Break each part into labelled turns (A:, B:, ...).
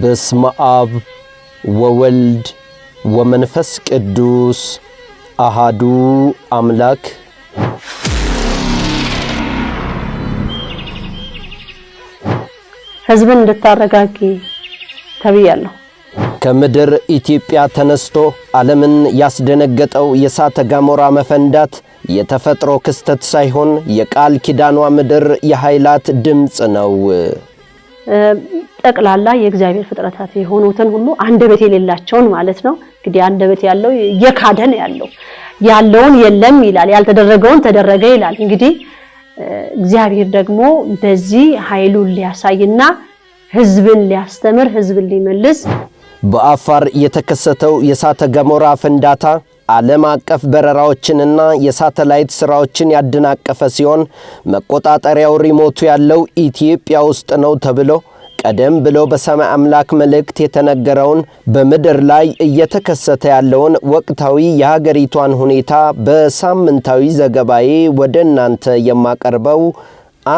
A: በስመ አብ ወወልድ ወመንፈስ ቅዱስ አሃዱ አምላክ።
B: ሕዝብን እንድታረጋጊ ተብያለሁ።
A: ከምድር ኢትዮጵያ ተነስቶ ዓለምን ያስደነገጠው የእሳተ ገሞራ መፈንዳት የተፈጥሮ ክስተት ሳይሆን የቃል ኪዳኗ ምድር የኃይላት ድምፅ ነው።
B: ጠቅላላ የእግዚአብሔር ፍጥረታት የሆኑትን ሁሉ አንደበት የሌላቸውን ማለት ነው። እንግዲህ አንደበት ያለው የካደን ያለው ያለውን የለም ይላል፣ ያልተደረገውን ተደረገ ይላል። እንግዲህ እግዚአብሔር ደግሞ በዚህ ኃይሉን ሊያሳይና ህዝብን ሊያስተምር ህዝብን ሊመልስ
A: በአፋር የተከሰተው የእሳተ ገሞራ ፍንዳታ ዓለም አቀፍ በረራዎችንና የሳተላይት ስራዎችን ያደናቀፈ ሲሆን መቆጣጠሪያው ሪሞቱ ያለው ኢትዮጵያ ውስጥ ነው ተብሎ ቀደም ብሎ በሰማይ አምላክ መልእክት የተነገረውን በምድር ላይ እየተከሰተ ያለውን ወቅታዊ የሀገሪቷን ሁኔታ በሳምንታዊ ዘገባዬ ወደ እናንተ የማቀርበው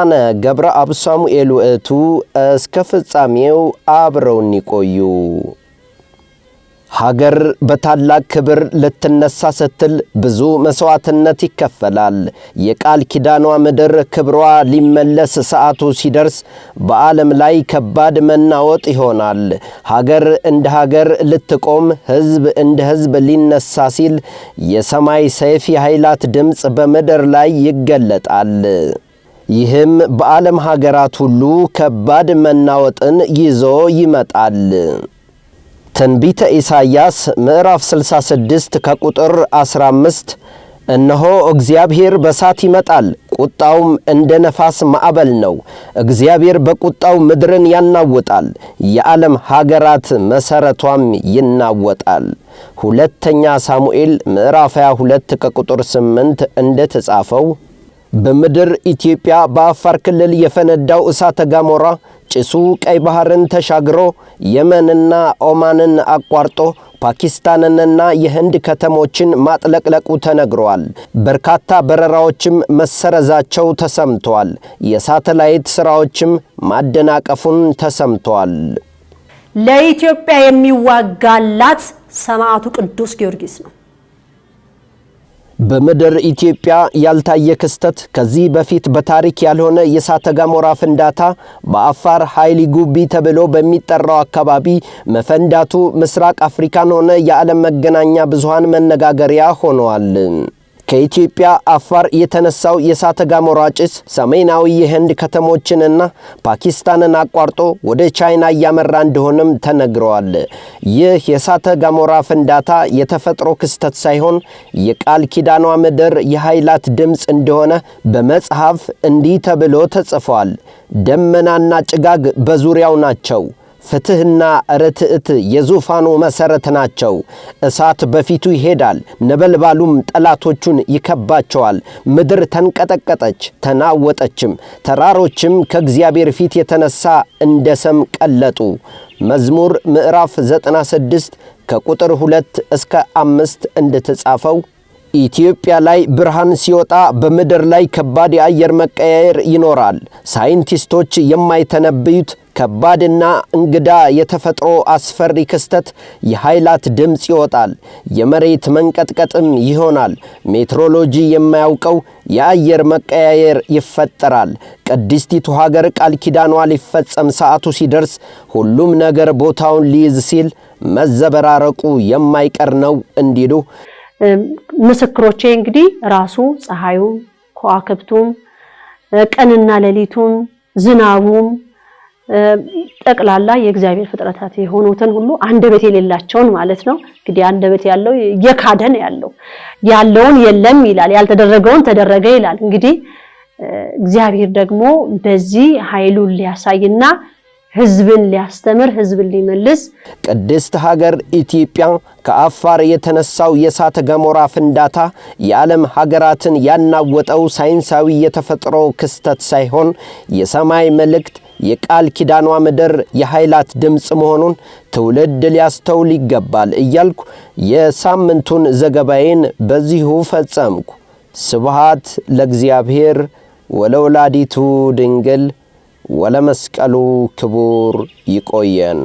A: አነ ገብረ አብ ሳሙኤል ውእቱ። እስከ ፍጻሜው አብረውን ይቆዩ። ሀገር በታላቅ ክብር ልትነሳ ስትል ብዙ መሥዋዕትነት ይከፈላል። የቃል ኪዳኗ ምድር ክብሯ ሊመለስ ሰዓቱ ሲደርስ በዓለም ላይ ከባድ መናወጥ ይሆናል። ሀገር እንደ ሀገር ልትቆም፣ ሕዝብ እንደ ሕዝብ ሊነሳ ሲል የሰማይ ሰይፍ የኃይላት ድምፅ በምድር ላይ ይገለጣል። ይህም በዓለም ሀገራት ሁሉ ከባድ መናወጥን ይዞ ይመጣል። ትንቢተ ኢሳይያስ ምዕራፍ 66 ከቁጥር 15 እነሆ እግዚአብሔር በሳት ይመጣል፣ ቁጣውም እንደ ነፋስ ማዕበል ነው። እግዚአብሔር በቁጣው ምድርን ያናውጣል፣ የዓለም ሀገራት መሠረቷም ይናወጣል። ሁለተኛ ሳሙኤል ምዕራፍ 22 ከቁጥር 8 እንደ ተጻፈው በምድር ኢትዮጵያ በአፋር ክልል የፈነዳው እሳተ ገሞራ ጭሱ ቀይ ባህርን ተሻግሮ የመንና ኦማንን አቋርጦ ፓኪስታንንና የህንድ ከተሞችን ማጥለቅለቁ ተነግሯል። በርካታ በረራዎችም መሰረዛቸው ተሰምተዋል። የሳተላይት ስራዎችም ማደናቀፉን ተሰምተዋል።
B: ለኢትዮጵያ የሚዋጋላት ሰማዕቱ ቅዱስ ጊዮርጊስ ነው።
A: በምድር ኢትዮጵያ ያልታየ ክስተት፣ ከዚህ በፊት በታሪክ ያልሆነ የእሳተ ገሞራ ፍንዳታ በአፋር ኃይሊ ጉቢ ተብሎ በሚጠራው አካባቢ መፈንዳቱ ምስራቅ አፍሪካን ሆነ የዓለም መገናኛ ብዙሃን መነጋገሪያ ሆነዋል። ከኢትዮጵያ አፋር የተነሳው የእሳተ ገሞራ ጭስ ሰሜናዊ የህንድ ከተሞችንና ፓኪስታንን አቋርጦ ወደ ቻይና እያመራ እንደሆነም ተነግረዋል። ይህ የእሳተ ገሞራ ፍንዳታ የተፈጥሮ ክስተት ሳይሆን የቃል ኪዳኗ ምድር የኃይላት ድምፅ እንደሆነ በመጽሐፍ እንዲህ ተብሎ ተጽፏል። ደመናና ጭጋግ በዙሪያው ናቸው። ፍትህና ርትዕት የዙፋኑ መሠረት ናቸው። እሳት በፊቱ ይሄዳል፣ ነበልባሉም ጠላቶቹን ይከባቸዋል። ምድር ተንቀጠቀጠች ተናወጠችም፣ ተራሮችም ከእግዚአብሔር ፊት የተነሳ እንደ ሰም ቀለጡ። መዝሙር ምዕራፍ 96 ከቁጥር ሁለት እስከ አምስት እንደተጻፈው ኢትዮጵያ ላይ ብርሃን ሲወጣ በምድር ላይ ከባድ የአየር መቀያየር ይኖራል። ሳይንቲስቶች የማይተነብዩት ከባድና እንግዳ የተፈጥሮ አስፈሪ ክስተት የኃይላት ድምፅ ይወጣል። የመሬት መንቀጥቀጥም ይሆናል። ሜትሮሎጂ የማያውቀው የአየር መቀያየር ይፈጠራል። ቅድስቲቱ ሀገር ቃል ኪዳኗ ሊፈጸም ሰዓቱ ሲደርስ ሁሉም ነገር ቦታውን ሊይዝ ሲል መዘበራረቁ የማይቀር ነው እንዲሉ
B: ምስክሮቼ እንግዲህ ራሱ ፀሐዩ፣ ከዋክብቱም፣ ቀንና ሌሊቱም፣ ዝናቡም ጠቅላላ የእግዚአብሔር ፍጥረታት የሆኑትን ሁሉ አንደበት የሌላቸውን ማለት ነው። እንግዲህ አንደበት ያለው የካደን ያለው ያለውን የለም ይላል፣ ያልተደረገውን ተደረገ ይላል። እንግዲህ እግዚአብሔር ደግሞ በዚህ ኃይሉን ሊያሳይና ህዝብን ሊያስተምር ህዝብን ሊመልስ
A: ቅድስት ሀገር ኢትዮጵያ ከአፋር የተነሳው የእሳተ ገሞራ ፍንዳታ የዓለም ሀገራትን ያናወጠው ሳይንሳዊ የተፈጥሮ ክስተት ሳይሆን የሰማይ መልእክት፣ የቃል ኪዳኗ ምድር የኃይላት ድምፅ መሆኑን ትውልድ ሊያስተውል ይገባል እያልኩ የሳምንቱን ዘገባዬን በዚሁ ፈጸምኩ። ስብሃት ለእግዚአብሔር ወለወላዲቱ ድንግል ወለመስቀሉ ክቡር ይቆየን።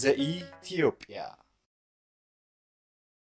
A: ዘኢትዮጵያ